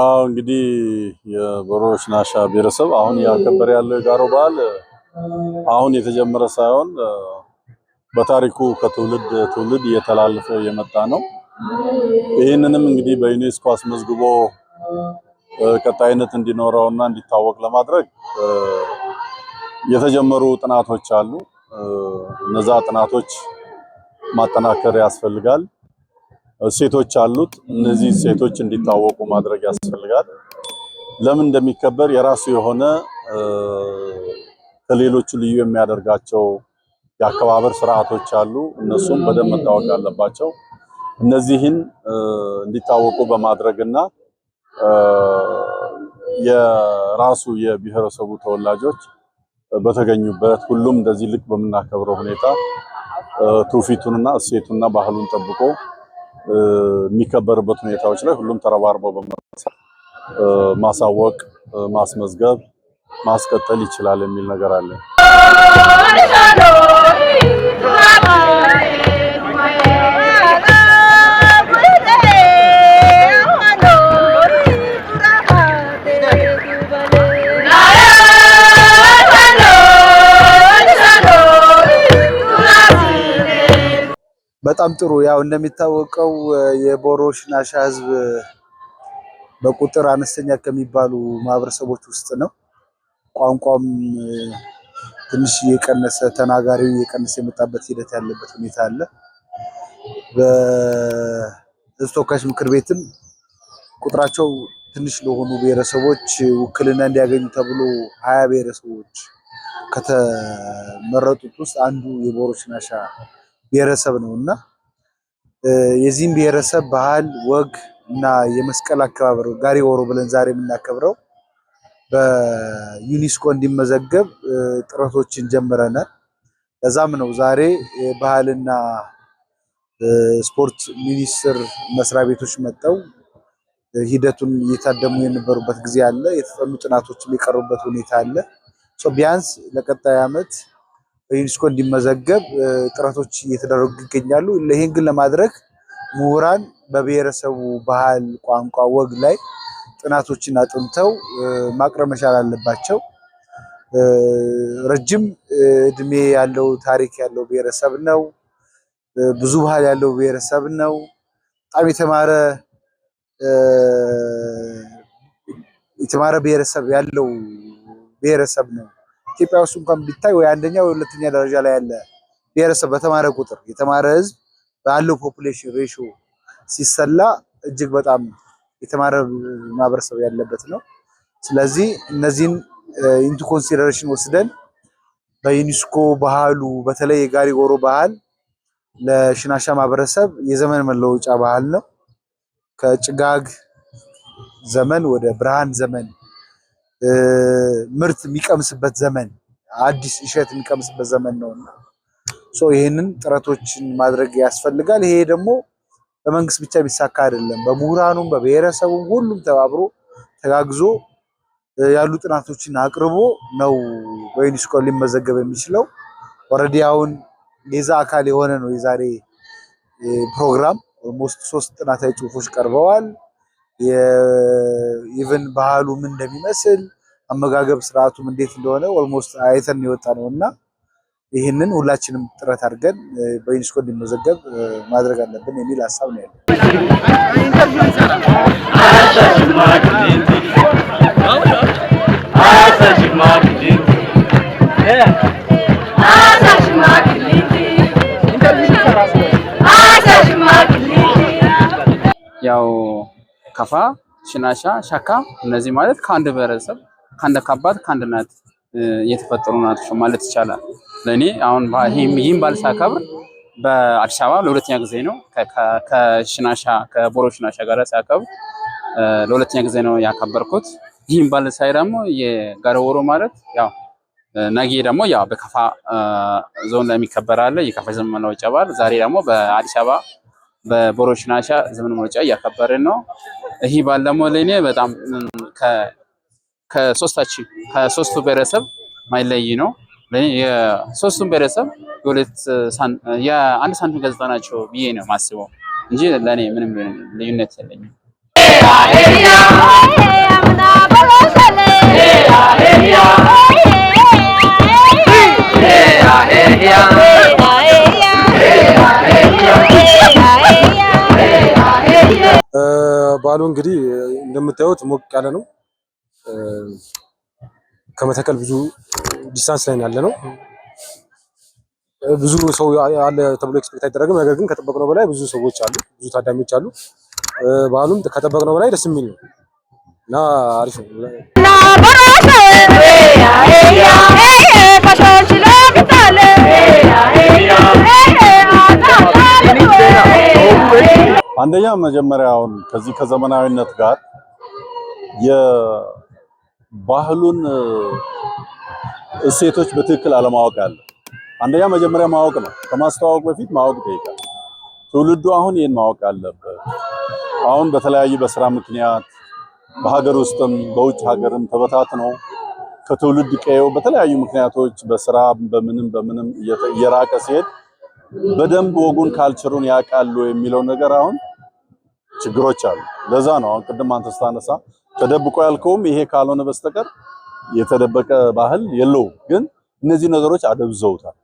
አዎ እንግዲህ የቦሮዎች ናሻ ብሔረሰብ አሁን እያከበረ ያለው የጋሮ በዓል አሁን የተጀመረ ሳይሆን በታሪኩ ከትውልድ ትውልድ እየተላለፈ የመጣ ነው። ይህንንም እንግዲህ በዩኔስኮ አስመዝግቦ ቀጣይነት እንዲኖረውና እንዲታወቅ ለማድረግ የተጀመሩ ጥናቶች አሉ። እነዛ ጥናቶች ማጠናከር ያስፈልጋል። እሴቶች አሉት። እነዚህ እሴቶች እንዲታወቁ ማድረግ ያስፈልጋል። ለምን እንደሚከበር የራሱ የሆነ ከሌሎቹ ልዩ የሚያደርጋቸው የአከባበር ስርዓቶች አሉ። እነሱም በደንብ መታወቅ አለባቸው። እነዚህን እንዲታወቁ በማድረግና የራሱ የብሔረሰቡ ተወላጆች በተገኙበት ሁሉም እንደዚህ ልክ በምናከብረው ሁኔታ ትውፊቱንና እሴቱንና ባህሉን ጠብቆ የሚከበርበት ሁኔታዎች ላይ ሁሉም ተረባርቦ በመሳተፍ ማሳወቅ፣ ማስመዝገብ፣ ማስቀጠል ይችላል የሚል ነገር አለ። በጣም ጥሩ ያው እንደሚታወቀው የቦሮ ሽናሻ ህዝብ በቁጥር አነስተኛ ከሚባሉ ማህበረሰቦች ውስጥ ነው። ቋንቋም ትንሽ እየቀነሰ ተናጋሪው እየቀነሰ የመጣበት ሂደት ያለበት ሁኔታ አለ። በህዝብ ተወካዮች ምክር ቤትም ቁጥራቸው ትንሽ ለሆኑ ብሔረሰቦች ውክልና እንዲያገኙ ተብሎ ሀያ ብሔረሰቦች ከተመረጡት ውስጥ አንዱ የቦሮ ሽናሻ ብሔረሰብ ነው እና የዚህም ብሔረሰብ ባህል፣ ወግ እና የመስቀል አከባበር ጋሪ ወሮ ብለን ዛሬ የምናከብረው በዩኒስኮ እንዲመዘገብ ጥረቶችን ጀምረናል። ለዛም ነው ዛሬ ባህልና ስፖርት ሚኒስቴር መስሪያ ቤቶች መጠው ሂደቱን እየታደሙ የነበሩበት ጊዜ አለ። የተጠኑ ጥናቶችም የቀሩበት ሁኔታ አለ። ቢያንስ ለቀጣይ ዓመት በዩኒስኮ እንዲመዘገብ ጥረቶች እየተደረጉ ይገኛሉ። ይህን ግን ለማድረግ ምሁራን በብሔረሰቡ ባህል፣ ቋንቋ፣ ወግ ላይ ጥናቶችን አጥንተው ማቅረብ መቻል አለባቸው። ረጅም እድሜ ያለው ታሪክ ያለው ብሔረሰብ ነው። ብዙ ባህል ያለው ብሔረሰብ ነው። በጣም የተማረ የተማረ ብሔረሰብ ያለው ብሔረሰብ ነው ኢትዮጵያ ውስጥ እንኳን ቢታይ ወይ አንደኛ ወይ ሁለተኛ ደረጃ ላይ ያለ ብሔረሰብ በተማረ ቁጥር የተማረ ህዝብ ባለው ፖፑሌሽን ሬሽዮ ሲሰላ እጅግ በጣም የተማረ ማህበረሰብ ያለበት ነው። ስለዚህ እነዚህን ኢንቱ ኮንሲደሬሽን ወስደን በዩኒስኮ ባህሉ በተለይ የጋሪ ጎሮ ባህል ለሽናሻ ማህበረሰብ የዘመን መለወጫ ባህል ነው። ከጭጋግ ዘመን ወደ ብርሃን ዘመን ምርት የሚቀምስበት ዘመን፣ አዲስ እሸት የሚቀምስበት ዘመን ነውና ይህንን ጥረቶችን ማድረግ ያስፈልጋል። ይሄ ደግሞ በመንግስት ብቻ የሚሳካ አይደለም። በምሁራኑም በብሔረሰቡም ሁሉም ተባብሮ ተጋግዞ ያሉ ጥናቶችን አቅርቦ ነው በዩኒስኮ ሊመዘገብ የሚችለው። ወረዲያውን አሁን የዛ አካል የሆነ ነው የዛሬ ፕሮግራም። ኦልሞስት ሶስት ጥናታዊ ጽሁፎች ቀርበዋል። ኢቭን ባህሉ ምን እንደሚመስል አመጋገብ ስርዓቱም እንዴት እንደሆነ ኦልሞስት አይተን የወጣ ነው እና ይህንን ሁላችንም ጥረት አድርገን በዩኒስኮ እንዲመዘገብ ማድረግ አለብን የሚል ሀሳብ ነው ያለው። ያው ከፋ፣ ሽናሻ፣ ሸካ እነዚህ ማለት ከአንድ ብሔረሰብ ከአንድ ካባት ከአንድ እናት የተፈጠሩ ናቸው ማለት ይቻላል። ለእኔ አሁን ይህም በዓል ሳከብር በአዲስ አበባ ለሁለተኛ ጊዜ ነው። ከሽናሻ ከቦሮ ሽናሻ ጋር ሲያከብር ለሁለተኛ ጊዜ ነው ያከበርኩት። ይህም በዓል ሳይ ደግሞ የጋረወሮ ማለት ያው ነጌ ደግሞ ያው በከፋ ዞን ላይ የሚከበራለ የከፋ ዘመን መለወጫ በዓል። ዛሬ ደግሞ በአዲስ አበባ በቦሮ ሽናሻ ዘመን መለወጫ እያከበርን ነው። ይህ ባለሞ ለእኔ በጣም ከሶስታችን ከሶስቱ ብሔረሰብ ማይለይ ነው። የሶስቱም ብሔረሰብ የአንድ ሳንቲም ገጽታ ናቸው ብዬ ነው የማስበው እንጂ ለእኔ ምንም ልዩነት የለኝም። Yeah. በዓሉ እንግዲህ እንደምታዩት ሞቅ ያለ ነው። ከመተከል ብዙ ዲስታንስ ላይ ያለ ነው። ብዙ ሰው አለ ተብሎ ኤክስፔክት አይደረግም። ነገር ግን ከጠበቅነው በላይ ብዙ ሰዎች አሉ፣ ብዙ ታዳሚዎች አሉ። በዓሉም ከጠበቅነው በላይ ደስ የሚል ነው እና አሪፍ ነው። አንደኛ መጀመሪያ አሁን ከዚህ ከዘመናዊነት ጋር የባህሉን እሴቶች በትክክል አለማወቅ አለ። አንደኛ መጀመሪያ ማወቅ ነው። ከማስተዋወቅ በፊት ማወቅ ይጠይቃል። ትውልዱ አሁን ይህን ማወቅ አለበት። አሁን በተለያዩ በስራ ምክንያት በሀገር ውስጥም በውጭ ሀገርም ተበታትነው ከትውልድ ቀየው በተለያዩ ምክንያቶች በስራ በምንም በምንም እየራቀ ሲሄድ በደንብ ወጉን ካልቸሩን ያውቃሉ የሚለው ነገር አሁን ችግሮች አሉ። ለዛ ነው አሁን ቅድም አንተ ስታነሳ ተደብቆ ያልከውም ይሄ ካልሆነ በስተቀር የተደበቀ ባህል የለውም። ግን እነዚህ ነገሮች አደብዘውታል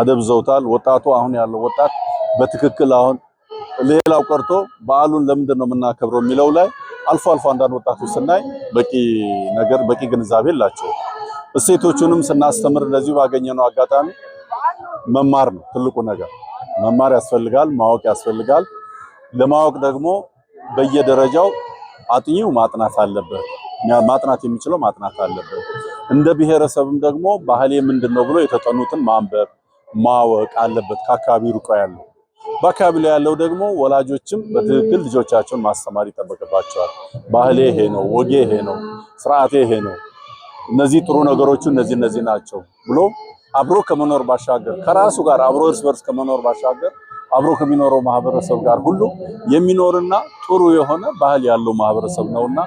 አደብዘውታል። ወጣቱ አሁን ያለው ወጣት በትክክል አሁን ሌላው ቀርቶ በዓሉን ለምንድን ነው የምናከብረው የሚለው ላይ አልፎ አልፎ አንዳንድ ወጣቶች ስናይ በቂ ነገር በቂ ግንዛቤ የላቸው። እሴቶቹንም ስናስተምር እንደዚሁ ባገኘነው አጋጣሚ መማር ነው ትልቁ ነገር። መማር ያስፈልጋል፣ ማወቅ ያስፈልጋል። ለማወቅ ደግሞ በየደረጃው አጥኚው ማጥናት አለበት። ማጥናት የሚችለው ማጥናት አለበት። እንደ ብሔረሰብም ደግሞ ባህሌ ምንድን ነው ብሎ የተጠኑትን ማንበብ ማወቅ አለበት ከአካባቢ ሩቆ ያለው በአካባቢ ላይ ያለው ደግሞ ወላጆችም በትክክል ልጆቻቸውን ማስተማር ይጠበቅባቸዋል። ባህሌ ይሄ ነው፣ ወጌ ይሄ ነው፣ ስርዓቴ ይሄ ነው፣ እነዚህ ጥሩ ነገሮቹ እነዚህ እነዚህ ናቸው ብሎ አብሮ ከመኖር ባሻገር ከራሱ ጋር አብሮ እርስ በርስ ከመኖር ባሻገር አብሮ ከሚኖረው ማህበረሰብ ጋር ሁሉ የሚኖርና ጥሩ የሆነ ባህል ያለው ማህበረሰብ ነውና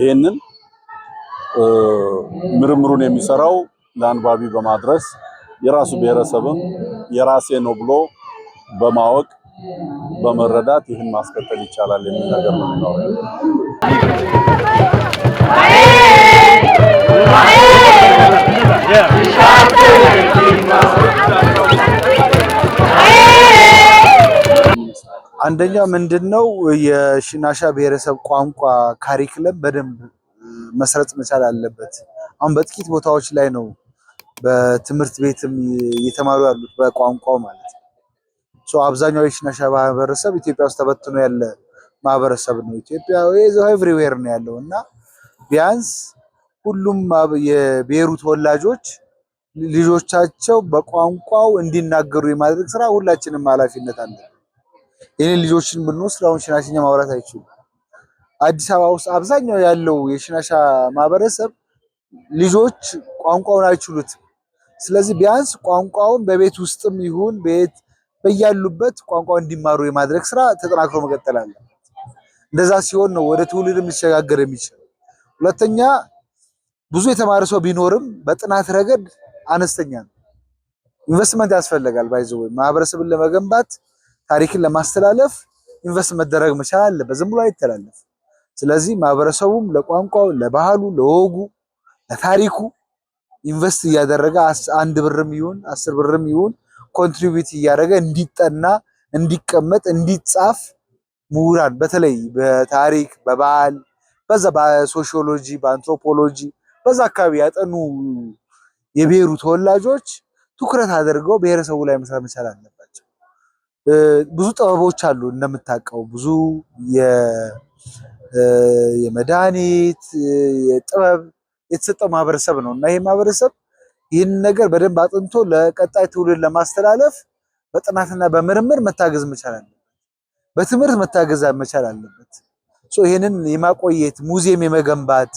ይሄንን ምርምሩን የሚሰራው ለአንባቢ በማድረስ የራሱ ብሔረሰብም የራሴ ነው ብሎ በማወቅ በመረዳት ይህን ማስቀጠል ይቻላል የሚል ነገር ነው አንደኛ ምንድን ነው የሽናሻ ብሔረሰብ ቋንቋ ካሪክለም በደንብ መስረጽ መቻል አለበት። አሁን በጥቂት ቦታዎች ላይ ነው በትምህርት ቤትም እየተማሩ ያሉት በቋንቋው ማለት ነው። አብዛኛው የሽናሻ ማህበረሰብ ኢትዮጵያ ውስጥ ተበትኖ ያለ ማህበረሰብ ነው። ኢትዮጵያዊ ኤቭሪዌር ነው ያለው እና ቢያንስ ሁሉም የብሔሩ ተወላጆች ልጆቻቸው በቋንቋው እንዲናገሩ የማድረግ ስራ ሁላችንም ኃላፊነት አለ። የኔ ልጆችን ብንወስድ አሁን ሽናሽኛ ማውራት አይችሉም። አዲስ አበባ ውስጥ አብዛኛው ያለው የሽናሻ ማህበረሰብ ልጆች ቋንቋውን አይችሉትም። ስለዚህ ቢያንስ ቋንቋውን በቤት ውስጥም ይሁን ቤት በያሉበት ቋንቋ እንዲማሩ የማድረግ ስራ ተጠናክሮ መቀጠል አለ እንደዛ ሲሆን ነው ወደ ትውልድ የሚሸጋገር የሚችል። ሁለተኛ ብዙ የተማረ ሰው ቢኖርም በጥናት ረገድ አነስተኛ ነው። ኢንቨስትመንት ያስፈልጋል። ወይ ማህበረሰብን ለመገንባት ታሪክን ለማስተላለፍ ኢንቨስት መደረግ መቻል አለ። በዝም ብሎ አይተላለፍ። ስለዚህ ማህበረሰቡም ለቋንቋው፣ ለባህሉ፣ ለወጉ፣ ለታሪኩ ኢንቨስት እያደረገ አንድ ብርም ይሁን አስር ብርም ይሁን ኮንትሪቢዩት እያደረገ እንዲጠና፣ እንዲቀመጥ፣ እንዲጻፍ ምሁራን በተለይ በታሪክ በባህል በዛ በሶሽዮሎጂ በአንትሮፖሎጂ በዛ አካባቢ ያጠኑ የብሔሩ ተወላጆች ትኩረት አድርገው ብሔረሰቡ ላይ መስራት መቻል አለባቸው። ብዙ ጥበቦች አሉ እንደምታውቀው ብዙ የመድኃኒት የጥበብ የተሰጠው ማህበረሰብ ነው እና ይሄ ማህበረሰብ ይህን ነገር በደንብ አጥንቶ ለቀጣይ ትውልድ ለማስተላለፍ በጥናትና በምርምር መታገዝ መቻል አለበት። በትምህርት መታገዝ መቻል አለበት። ይህንን የማቆየት ሙዚየም የመገንባት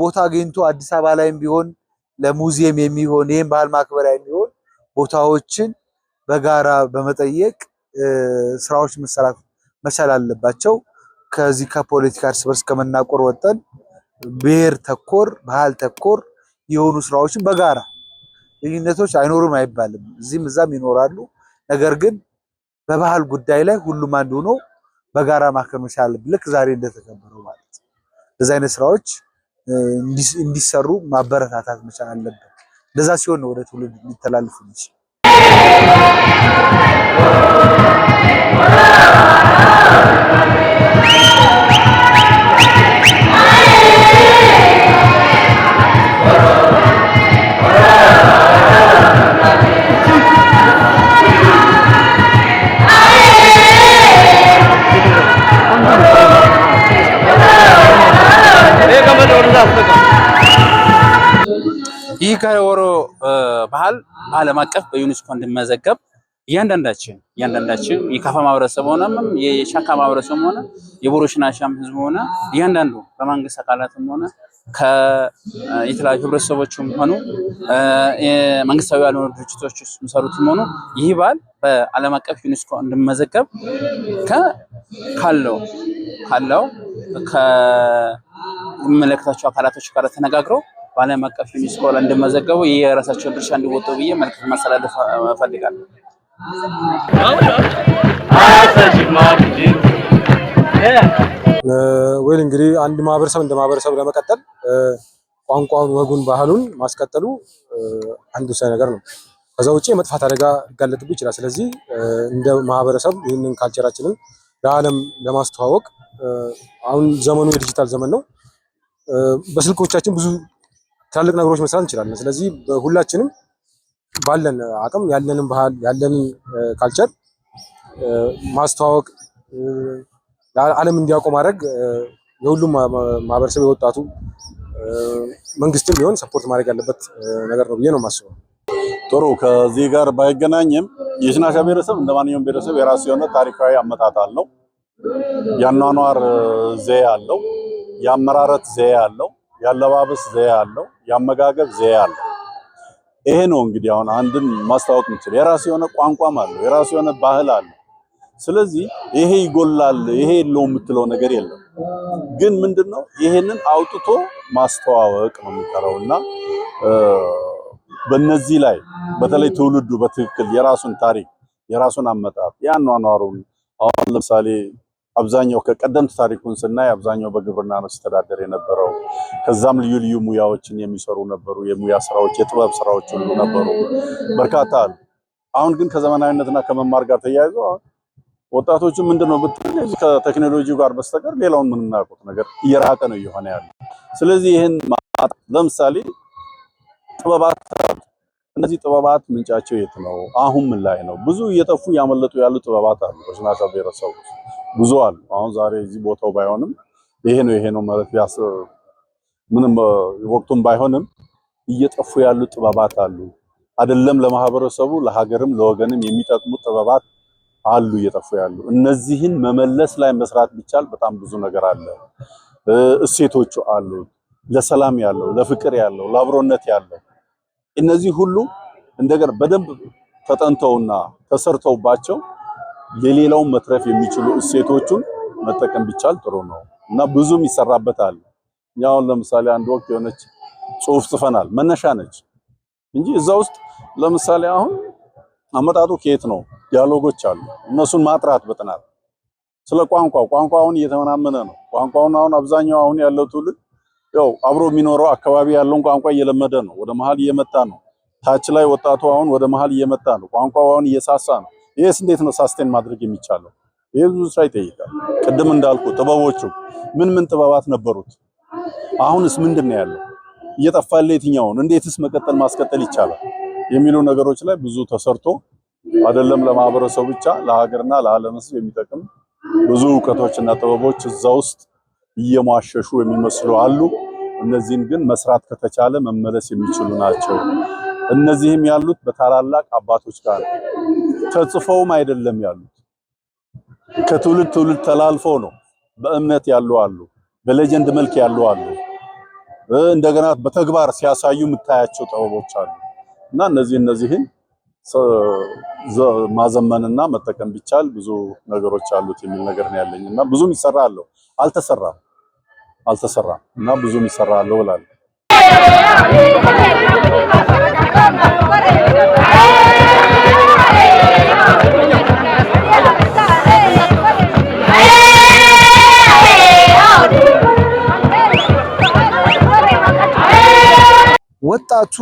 ቦታ አግኝቶ አዲስ አበባ ላይም ቢሆን ለሙዚየም የሚሆን ይህም ባህል ማክበሪያ የሚሆን ቦታዎችን በጋራ በመጠየቅ ስራዎች መሰራት መቻል አለባቸው። ከዚህ ከፖለቲካ እርስ በርስ ከመናቆር ወጠን ብሔር ተኮር ባህል ተኮር የሆኑ ስራዎችን በጋራ ልዩነቶች አይኖሩም አይባልም፣ እዚህም እዛም ይኖራሉ። ነገር ግን በባህል ጉዳይ ላይ ሁሉም አንድ ሆኖ በጋራ ማከም መቻል ልክ ዛሬ እንደተከበረው ማለት እንደዚህ አይነት ስራዎች እንዲሰሩ ማበረታታት መቻል አለበት። እንደዛ ሲሆን ወደ ትውልድ ሊተላለፉ ይችላል። የሽካሪ ወሮ ባህል ዓለም አቀፍ በዩኔስኮ እንዲመዘገብ እያንዳንዳችን እያንዳንዳችን የካፋ ማህበረሰብ ሆነም የሻካ ማህበረሰብ ሆነ የቦሮሽናሻም ህዝብ ሆነ እያንዳንዱ በመንግስት አካላትም ሆነ የተለያዩ ህብረተሰቦችም ሆኑ መንግስታዊ ያልሆኑ ድርጅቶች ውስጥ የሚሰሩትም ሆኑ ይህ በዓል በዓለም አቀፍ ዩኔስኮ እንዲመዘገብ ካለው ካለው ከሚመለከታቸው አካላቶች ጋር ተነጋግረው በዓለም አቀፍ ዩኒስኮ ላይ እንዲመዘገቡ ይህ የራሳቸውን ድርሻ እንዲወጡ ብዬ መልዕክት ማስተላለፍ እፈልጋለሁ። ወይል እንግዲህ አንድ ማህበረሰብ እንደ ማህበረሰብ ለመቀጠል ቋንቋውን፣ ወጉን፣ ባህሉን ማስቀጠሉ አንዱ ወሳኝ ነገር ነው። ከዛ ውጭ የመጥፋት አደጋ ሊጋለጥብ ይችላል። ስለዚህ እንደ ማህበረሰብ ይህንን ካልቸራችንን ለዓለም ለማስተዋወቅ አሁን ዘመኑ የዲጂታል ዘመን ነው። በስልኮቻችን ብዙ ትላልቅ ነገሮች መስራት እንችላለን። ስለዚህ ሁላችንም ባለን አቅም ያለንን ባህል ያለንን ካልቸር ማስተዋወቅ ዓለም እንዲያውቁ ማድረግ የሁሉም ማህበረሰብ የወጣቱ መንግስትም ቢሆን ሰፖርት ማድረግ ያለበት ነገር ነው ብዬ ነው የማስበው። ጥሩ ከዚህ ጋር ባይገናኝም የሽናሻ ብሔረሰብ እንደ ማንኛውም ብሔረሰብ የራሱ የሆነ ታሪካዊ አመጣጥ አለው። የአኗኗር ዘዬ አለው። የአመራረት ዘዬ አለው። ያለባበስ ዘያ አለው፣ ያመጋገብ ዘያ አለው። ይሄ ነው እንግዲህ አሁን አንድን ማስታወቅ የምችል የራሱ የሆነ ቋንቋም አለው፣ የራሱ የሆነ ባህል አለው። ስለዚህ ይሄ ይጎላል፣ ይሄ የለውም የምትለው ነገር የለም። ግን ምንድነው ይሄንን አውጥቶ ማስተዋወቅ ነው የሚጠራው እና በነዚህ ላይ በተለይ ትውልዱ በትክክል የራሱን ታሪክ የራሱን አመጣጥ ያኗኗሩን አሁን ለምሳሌ አብዛኛው ከቀደምት ታሪኩን ስናይ አብዛኛው በግብርና ነው ሲተዳደር የነበረው። ከዛም ልዩ ልዩ ሙያዎችን የሚሰሩ ነበሩ። የሙያ ስራዎች፣ የጥበብ ስራዎች ሁሉ ነበሩ፣ በርካታ አሉ። አሁን ግን ከዘመናዊነትና ከመማር ጋር ተያይዞ ወጣቶቹ ምንድነው ብትል ከቴክኖሎጂ ጋር በስተቀር ሌላውን ምንም ነገር እየራቀ ነው እየሆነ ያለ። ስለዚህ ይህን ለምሳሌ ጥበባት እነዚህ ጥበባት ምንጫቸው የት ነው? አሁን ምን ላይ ነው? ብዙ እየጠፉ እያመለጡ ያሉ ጥበባት አሉ በስናሻ ብሔረሰቡ ብዙ አሉ። አሁን ዛሬ እዚህ ቦታው ባይሆንም ይሄ ነው ይሄ ነው ማለት ቢያስ ምንም ወቅቱም ባይሆንም እየጠፉ ያሉ ጥበባት አሉ። አይደለም ለማህበረሰቡ ለሀገርም ለወገንም የሚጠቅሙ ጥበባት አሉ እየጠፉ ያሉ። እነዚህን መመለስ ላይ መስራት ቢቻል በጣም ብዙ ነገር አለ። እሴቶቹ አሉ፣ ለሰላም ያለው፣ ለፍቅር ያለው፣ ለአብሮነት ያለው እነዚህ ሁሉ እንደገና በደንብ ተጠንተውና ተሰርተውባቸው ለሌላው መትረፍ የሚችሉ እሴቶቹን መጠቀም ቢቻል ጥሩ ነው እና ብዙም ይሰራበታል። እኛ አሁን ለምሳሌ አንድ ወቅት የሆነች ጽሁፍ ጽፈናል። መነሻ ነች እንጂ እዛ ውስጥ ለምሳሌ አሁን አመጣጡ ከየት ነው? ዲያሎጎች አሉ። እነሱን ማጥራት በጥናት ስለ ቋንቋ ቋንቋ አሁን እየተመናመነ ነው። ቋንቋውን አሁን አብዛኛው አሁን ያለው ትውልድ ያው አብሮ የሚኖረው አካባቢ ያለውን ቋንቋ እየለመደ ነው፣ ወደ መሀል እየመጣ ነው። ታች ላይ ወጣቱ አሁን ወደ መሀል እየመጣ ነው። ቋንቋው አሁን እየሳሳ ነው። ይህስ እንዴት ነው ሳስቴን ማድረግ የሚቻለው? ይህ ብዙ ስራ ይጠይቃል። ቅድም እንዳልኩ ጥበቦቹ ምን ምን ጥበባት ነበሩት? አሁንስ ምንድን ነው ያለው? እየጠፋለ የትኛውን? እንዴትስ መቀጠል ማስቀጠል ይቻላል? የሚሉ ነገሮች ላይ ብዙ ተሰርቶ አይደለም ለማህበረሰቡ ብቻ ለሀገርና ለዓለም ሕዝብ የሚጠቅም ብዙ እውቀቶችና ጥበቦች እዛ ውስጥ እየሟሸሹ የሚመስሉ አሉ። እነዚህን ግን መስራት ከተቻለ መመለስ የሚችሉ ናቸው። እነዚህም ያሉት በታላላቅ አባቶች ጋር ተጽፈውም አይደለም ያሉት ከትውልድ ትውልድ ተላልፈው ነው። በእምነት ያሉ አሉ፣ በሌጀንድ መልክ ያሉ አሉ፣ እንደገና በተግባር ሲያሳዩ የምታያቸው ጥበቦች አሉ እና እነዚህ እነዚህን ማዘመንና መጠቀም ቢቻል ብዙ ነገሮች አሉት የሚል ነገር ነው ያለኝ እና ብዙም ይሰራ አለው አልተሰራም አልተሰራም እና ብዙም ይሰራ አለው ወጣቱ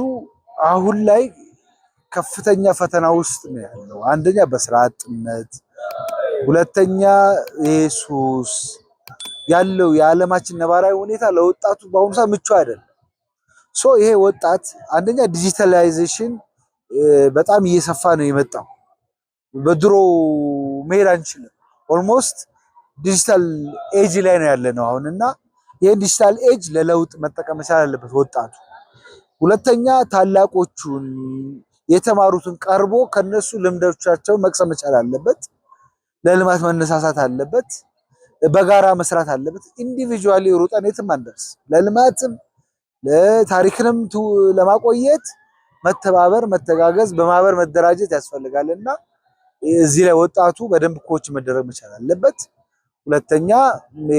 አሁን ላይ ከፍተኛ ፈተና ውስጥ ነው ያለው። አንደኛ በስራ አጥነት፣ ሁለተኛ ኢየሱስ ያለው የዓለማችን ነባራዊ ሁኔታ ለወጣቱ በአሁኑ ሰዓት ምቹ አይደለም። ሶ ይሄ ወጣት አንደኛ ዲጂታላይዜሽን በጣም እየሰፋ ነው የመጣው። በድሮ መሄድ አንችልም። ኦልሞስት ዲጂታል ኤጅ ላይ ነው ያለ ነው አሁን እና ይህን ዲጂታል ኤጅ ለለውጥ መጠቀም መቻል አለበት ወጣቱ። ሁለተኛ ታላቆቹን የተማሩትን ቀርቦ ከነሱ ልምዶቻቸው መቅሰም መቻል አለበት። ለልማት መነሳሳት አለበት። በጋራ መስራት አለበት። ኢንዲቪጁዋሊ ሩጠን የትም አንደርስ። ለልማትም ለታሪክንም ለማቆየት መተባበር፣ መተጋገዝ፣ በማህበር መደራጀት ያስፈልጋል እና እዚህ ላይ ወጣቱ በደንብ ኮች መደረግ መቻል አለበት። ሁለተኛ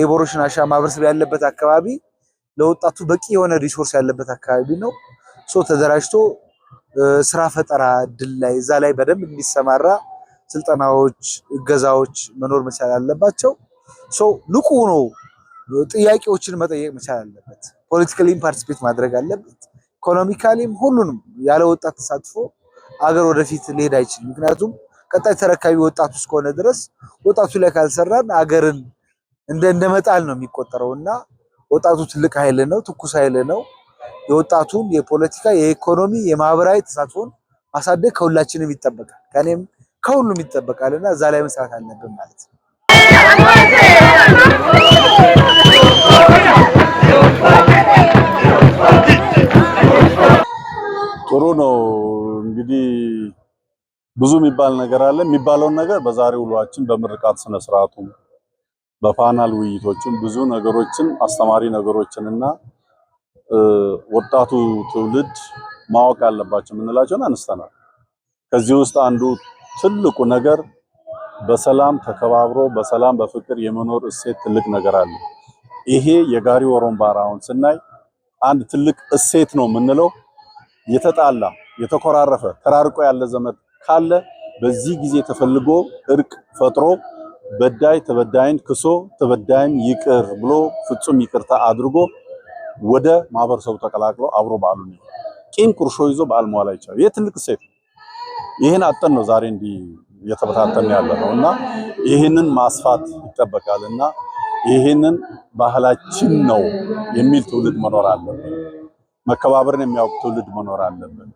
የቦሮሽን አሻ ማህበረሰብ ያለበት አካባቢ ለወጣቱ በቂ የሆነ ሪሶርስ ያለበት አካባቢ ነው። ሶ ተደራጅቶ ስራ ፈጠራ እድል ላይ እዛ ላይ በደንብ እንዲሰማራ ስልጠናዎች፣ እገዛዎች መኖር መቻል አለባቸው። ሶ ንቁ ሆኖ ጥያቄዎችን መጠየቅ መቻል አለበት። ፖለቲካሊም ፓርቲስፔት ማድረግ አለበት። ኢኮኖሚካሊም ሁሉንም ያለ ወጣት ተሳትፎ አገር ወደፊት ሊሄድ አይችልም። ምክንያቱም ቀጣይ ተረካቢ ወጣቱ እስከሆነ ድረስ ወጣቱ ላይ ካልሰራን አገርን እንደ እንደመጣል ነው የሚቆጠረው እና ወጣቱ ትልቅ ኃይል ነው፣ ትኩስ ኃይል ነው። የወጣቱን የፖለቲካ፣ የኢኮኖሚ፣ የማህበራዊ ተሳትፎን ማሳደግ ከሁላችንም ይጠበቃል፣ ከእኔም ከሁሉም ይጠበቃል እና እዛ ላይ መስራት አለብን ማለት ነው። ጥሩ ነው እንግዲህ ብዙ የሚባል ነገር አለ። የሚባለውን ነገር በዛሬ ውሏችን በምርቃት ስነስርዓቱ በፓናል ውይይቶችን ብዙ ነገሮችን አስተማሪ ነገሮችን እና ወጣቱ ትውልድ ማወቅ አለባቸው የምንላቸውን አንስተናል። ከዚህ ውስጥ አንዱ ትልቁ ነገር በሰላም ተከባብሮ በሰላም በፍቅር የመኖር እሴት ትልቅ ነገር አለ። ይሄ የጋሪ ወሮምባር አሁን ስናይ አንድ ትልቅ እሴት ነው የምንለው። የተጣላ የተኮራረፈ ተራርቆ ያለ ዘመድ ካለ በዚህ ጊዜ ተፈልጎ እርቅ ፈጥሮ በዳይ ተበዳይን ክሶ ተበዳይም ይቅር ብሎ ፍጹም ይቅርታ አድርጎ ወደ ማህበረሰቡ ተቀላቅሎ አብሮ በዓሉን ቂም ቁርሾ ይዞ በዓል መዋል አይቻልም። ይህ ትልቅ ሴት ይህን አጠን ነው ዛሬ እንዲህ እየተበታተን ያለ ነው እና ይህንን ማስፋት ይጠበቃል እና ይህንን ባህላችን ነው የሚል ትውልድ መኖር አለብን። መከባበርን የሚያውቅ ትውልድ መኖር አለብን።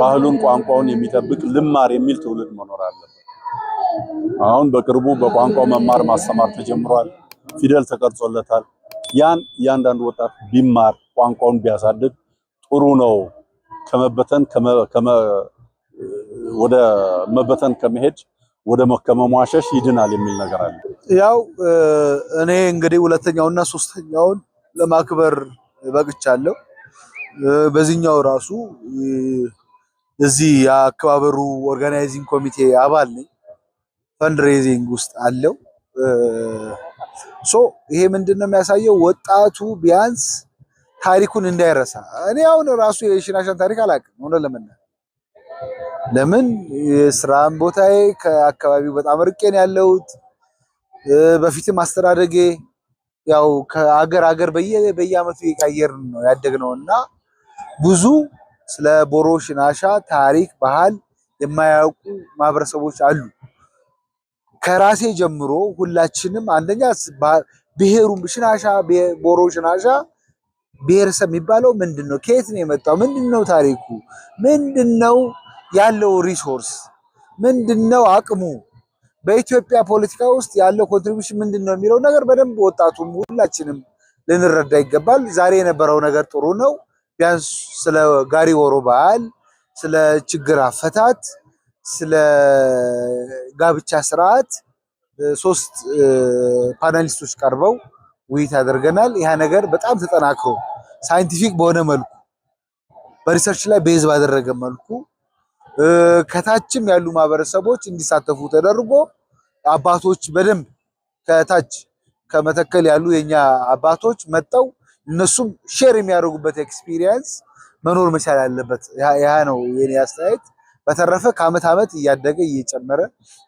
ባህሉን ቋንቋውን የሚጠብቅ ልማር የሚል ትውልድ መኖር አለብን። አሁን በቅርቡ በቋንቋው መማር ማስተማር ተጀምሯል። ፊደል ተቀርጾለታል። ያን እያንዳንዱ ወጣት ቢማር ቋንቋውን ቢያሳድግ ጥሩ ነው። ከመበተን ወደ መበተን ከመሄድ ወደ ከመሟሸሽ ይድናል የሚል ነገር አለ። ያው እኔ እንግዲህ ሁለተኛውና ሶስተኛውን ለማክበር በቅቻለሁ። በዚህኛው ራሱ እዚህ የአከባበሩ ኦርጋናይዚንግ ኮሚቴ አባል ነኝ። ፈንድሬዚንግ ውስጥ አለው። ሶ ይሄ ምንድን ነው የሚያሳየው? ወጣቱ ቢያንስ ታሪኩን እንዳይረሳ። እኔ አሁን ራሱ የሽናሻን ታሪክ አላውቅም ሆነ ለምን ለምን የስራን ቦታዬ ከአካባቢው በጣም ርቄን ያለሁት በፊትም አስተዳደጌ ያው ከአገር አገር በየአመቱ የቀየርን ነው ነው እና ብዙ ስለ ቦሮ ሽናሻ ታሪክ ባህል የማያውቁ ማህበረሰቦች አሉ። ከራሴ ጀምሮ ሁላችንም አንደኛ ብሔሩ ሽናሻ ቦሮ ሽናሻ ብሔረሰብ የሚባለው ምንድን ነው? ከየት ነው የመጣው? ምንድን ነው ታሪኩ? ምንድን ነው ያለው ሪሶርስ? ምንድን ነው አቅሙ? በኢትዮጵያ ፖለቲካ ውስጥ ያለው ኮንትሪቢሽን ምንድን ነው የሚለው ነገር በደንብ ወጣቱም ሁላችንም ልንረዳ ይገባል። ዛሬ የነበረው ነገር ጥሩ ነው። ቢያንስ ስለ ጋሪ ወሮ በዓል፣ ስለ ችግር አፈታት ስለ ጋብቻ ስርዓት ሶስት ፓናሊስቶች ቀርበው ውይይት አድርገናል። ያ ነገር በጣም ተጠናክሮ ሳይንቲፊክ በሆነ መልኩ በሪሰርች ላይ ቤዝ ባደረገ መልኩ ከታችም ያሉ ማህበረሰቦች እንዲሳተፉ ተደርጎ አባቶች በደንብ ከታች ከመተከል ያሉ የኛ አባቶች መጠው እነሱም ሼር የሚያደርጉበት ኤክስፒሪየንስ መኖር መቻል አለበት። ያ ነው የኔ አስተያየት። በተረፈ ከአመት ዓመት እያደገ እየጨመረ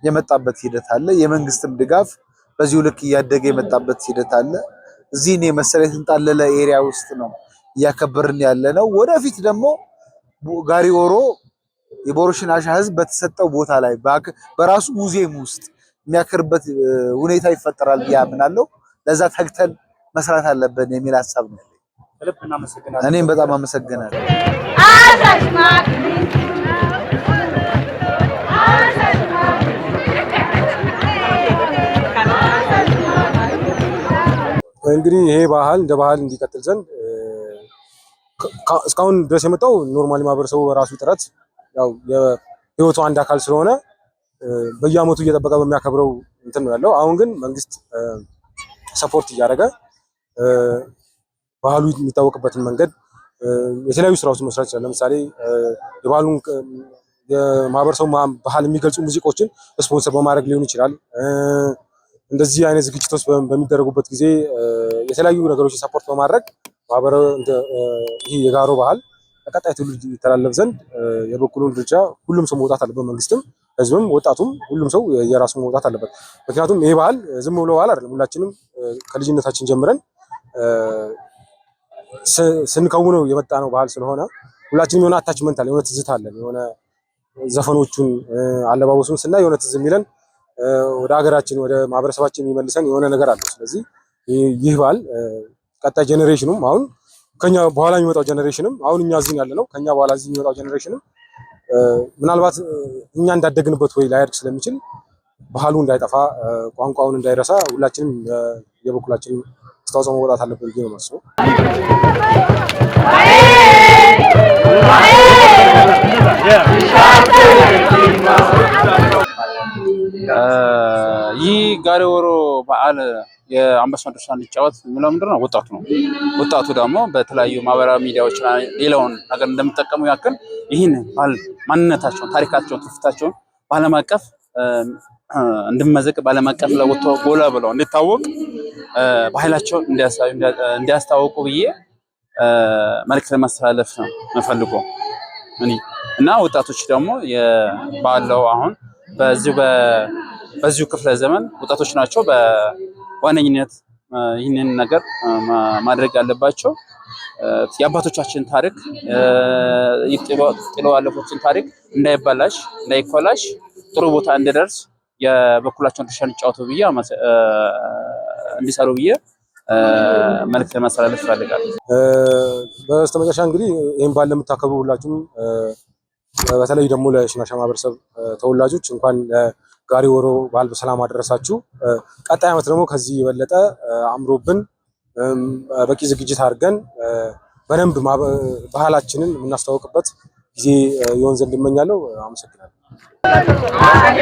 የመጣበት ሂደት አለ። የመንግስትም ድጋፍ በዚሁ ልክ እያደገ የመጣበት ሂደት አለ። እዚህን የመሰለ የተንጣለለ ኤሪያ ውስጥ ነው እያከበርን ያለ ነው። ወደፊት ደግሞ ጋሪ ወሮ የቦሮ ሽናሻ ህዝብ በተሰጠው ቦታ ላይ በራሱ ሙዚየም ውስጥ የሚያከርበት ሁኔታ ይፈጠራል ብዬ አምናለሁ። ለዛ ተግተን መስራት አለብን የሚል ሀሳብ ነው። እኔም በጣም አመሰግናለሁ። እንግዲህ ይሄ ባህል እንደ ባህል እንዲቀጥል ዘንድ እስካሁን ድረስ የመጣው ኖርማሊ ማህበረሰቡ በራሱ ጥረት ያው የህይወቱ አንድ አካል ስለሆነ በየአመቱ እየጠበቀ በሚያከብረው እንትን ነው ያለው። አሁን ግን መንግስት ሰፖርት እያደረገ ባህሉ የሚታወቅበትን መንገድ የተለያዩ ስራዎች መስራት ይችላል። ለምሳሌ የባህሉን የማህበረሰቡ ባህል የሚገልጹ ሙዚቃዎችን ስፖንሰር በማድረግ ሊሆን ይችላል። እንደዚህ አይነት ዝግጅቶች በሚደረጉበት ጊዜ የተለያዩ ነገሮችን ሰፖርት በማድረግ ይህ የጋሮ ባህል ቀጣይ ትውልድ ይተላለፍ ዘንድ የበኩሉን ድርሻ ሁሉም ሰው መውጣት አለበት። መንግስትም፣ ህዝብም፣ ወጣቱም ሁሉም ሰው የራሱ መውጣት አለበት። ምክንያቱም ይህ ባህል ዝም ብሎ ባህል አይደለም። ሁላችንም ከልጅነታችን ጀምረን ስንከውነው የመጣ ነው ባህል ስለሆነ ሁላችንም የሆነ አታችመንት አለ፣ የሆነ ትዝታ አለን። የሆነ ዘፈኖቹን አለባበሱን ስናይ የሆነ ትዝ የሚለን ወደ ሀገራችን ወደ ማህበረሰባችን የሚመልሰን የሆነ ነገር አለው። ስለዚህ ይህ በዓል ቀጣይ ጀኔሬሽኑም አሁን ከኛ በኋላ የሚመጣው ጀኔሬሽንም አሁን እኛ እዚህ ያለ ነው፣ ከኛ በኋላ እዚህ የሚመጣው ጀኔሬሽንም ምናልባት እኛ እንዳደግንበት ወይ ላያድግ ስለሚችል ባህሉ እንዳይጠፋ፣ ቋንቋውን እንዳይረሳ ሁላችንም የበኩላችን አስተዋጽኦ መወጣት አለብን ብዬ ነው የማስበው። ይህ ጋሪ ወሮ በዓል የአምባሳደር ሳንጫወት የሚለው ምንድን ነው? ወጣቱ ነው። ወጣቱ ደግሞ በተለያዩ ማህበራዊ ሚዲያዎች ሌላውን ነገር እንደሚጠቀሙ ያክል ይህን ባህል ማንነታቸውን፣ ታሪካቸውን፣ ትውፊታቸውን በዓለም አቀፍ እንድመዘቅ በዓለም አቀፍ ለወጥቶ ጎላ ብለው እንዲታወቅ በኃይላቸው እንዲያስታወቁ ብዬ መልክት ለማስተላለፍ ነው የምፈልገው እና ወጣቶች ደግሞ ባለው አሁን በዚሁ ክፍለ ዘመን ወጣቶች ናቸው በዋነኝነት ይህንን ነገር ማድረግ ያለባቸው። የአባቶቻችን ታሪክ ጥለው ያለፉትን ታሪክ እንዳይባላሽ እንዳይኮላሽ ጥሩ ቦታ እንዲደርስ የበኩላቸውን ድርሻ እንጫወቱ ብዬ እንዲሰሩ ብዬ መልዕክት ለማስተላለፍ ይፈልጋል። በስተመጨረሻ እንግዲህ ይህን በዓል ሁላችሁም በተለይ ደግሞ ለሽናሻ ማህበረሰብ ተወላጆች እንኳን ለጋሪ ወሮ በዓል በሰላም አደረሳችሁ። ቀጣይ ዓመት ደግሞ ከዚህ የበለጠ አምሮብን በቂ ዝግጅት አድርገን በደንብ ባህላችንን የምናስተዋውቅበት ጊዜ ይሆን ዘንድ እመኛለሁ። አመሰግናለሁ።